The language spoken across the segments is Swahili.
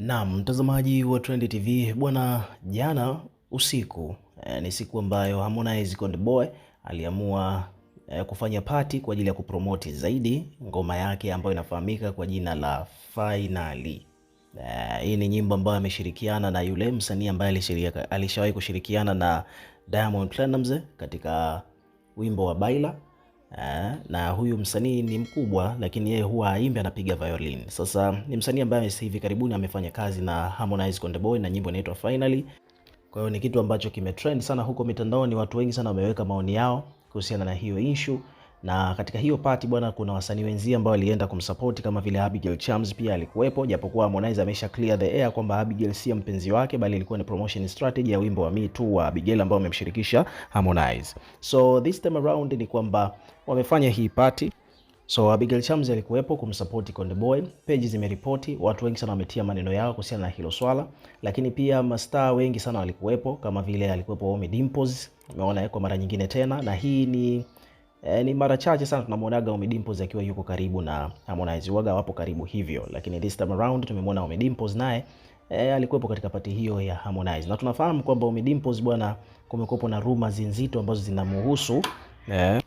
Naam, mtazamaji wa Trend TV bwana, jana usiku eh, ni siku ambayo Harmonize Konde Boy aliamua eh, kufanya party kwa ajili ya kupromoti zaidi ngoma yake ambayo inafahamika kwa jina la Finally. Eh, hii ni nyimbo ambayo ameshirikiana na yule msanii ambaye alishawahi kushirikiana na Diamond Platnumz katika wimbo wa Baila Eh, na huyu msanii ni mkubwa, lakini yeye huwa aimbe anapiga violin. Sasa ni msanii ambaye hivi karibuni amefanya kazi na Harmonize Konde Boy na nyimbo inaitwa Finally. Kwa hiyo ni kitu ambacho kimetrend sana huko mitandaoni, watu wengi sana wameweka maoni yao kuhusiana na hiyo issue na katika hiyo pati bwana, kuna wasanii wenzie ambao walienda kumsupport kama vile Abigail Chams pia alikuwepo, japokuwa Harmonize amesha clear the air kwamba Abigail si mpenzi wake, bali ilikuwa ni promotion strategy ya wimbo wa Me Too wa Abigail ambao amemshirikisha Harmonize. So this time around ni kwamba wamefanya hii pati So Abigail Chams alikuwepo kumsupport Konde Boy. Page zimeripoti watu wengi sana wametia maneno yao kuhusiana na hilo swala, lakini pia mastaa wengi sana walikuwepo kama vile alikuwepo Ommy Dimpoz, umeona kwa mara nyingine tena, na hii ni E, ni mara chache sana tunamuonaga Ommy Dimpoz akiwa yuko karibu na Harmonize, waga wapo karibu hivyo, lakini this time around tumemwona Ommy Dimpoz naye e, alikuwepo katika pati hiyo ya Harmonize, na tunafahamu kwamba Ommy Dimpoz bwana, kumekuwepo na rumors nzito ambazo zinamuhusu yeah.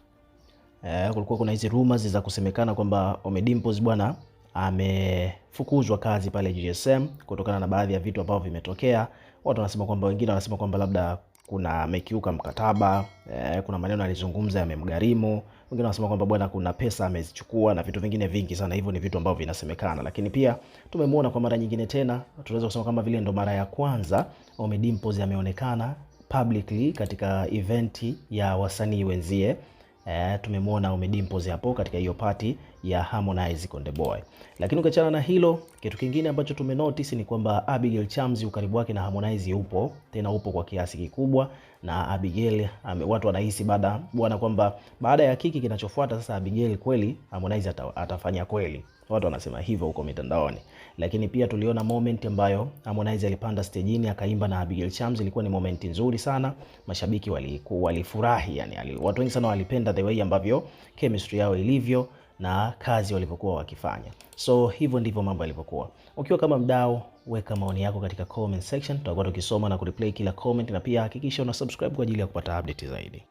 E, eh, kulikuwa kuna hizi rumors za kusemekana kwamba Ommy Dimpoz bwana amefukuzwa kazi pale GSM kutokana na baadhi ya vitu ambavyo vimetokea. Watu wanasema kwamba, wengine wanasema kwamba labda kuna amekiuka mkataba eh, kuna maneno alizungumza yamemgharimu. Wengine wanasema kwamba bwana, kuna pesa amezichukua na vitu vingine vingi sana. Hivyo ni vitu ambavyo vinasemekana, lakini pia tumemwona kwa mara nyingine tena, tunaweza kusema kama vile ndo mara ya kwanza Ommy Dimpoz ameonekana publicly katika eventi ya wasanii wenzie Eh, tumemwona Ommy Dimpoz hapo katika hiyo pati ya Harmonize Konde Boy. Lakini ukiachana na hilo, kitu kingine ambacho notice ni kwamba Abigail Chams ukaribu wake na Harmonize upo tena, upo kwa kiasi kikubwa, na Abigail ame, watu wanahisi baada bwana kwamba baada ya kiki kinachofuata sasa Abigail kweli Harmonize ata, atafanya kweli watu wanasema hivyo huko mitandaoni. Lakini pia tuliona moment ambayo Harmonize alipanda stejini akaimba na Abigail Chams, ilikuwa ni moment nzuri sana, mashabiki walikuwa walifurahi wali yani, watu wengi sana walipenda the way ambavyo chemistry yao ilivyo na kazi walivyokuwa wakifanya. So hivyo ndivyo mambo yalivyokuwa. Ukiwa kama mdau, weka maoni yako katika comment section, tutakuwa tukisoma na kureplay kila comment, na pia hakikisha una subscribe kwa ajili ya kupata update zaidi.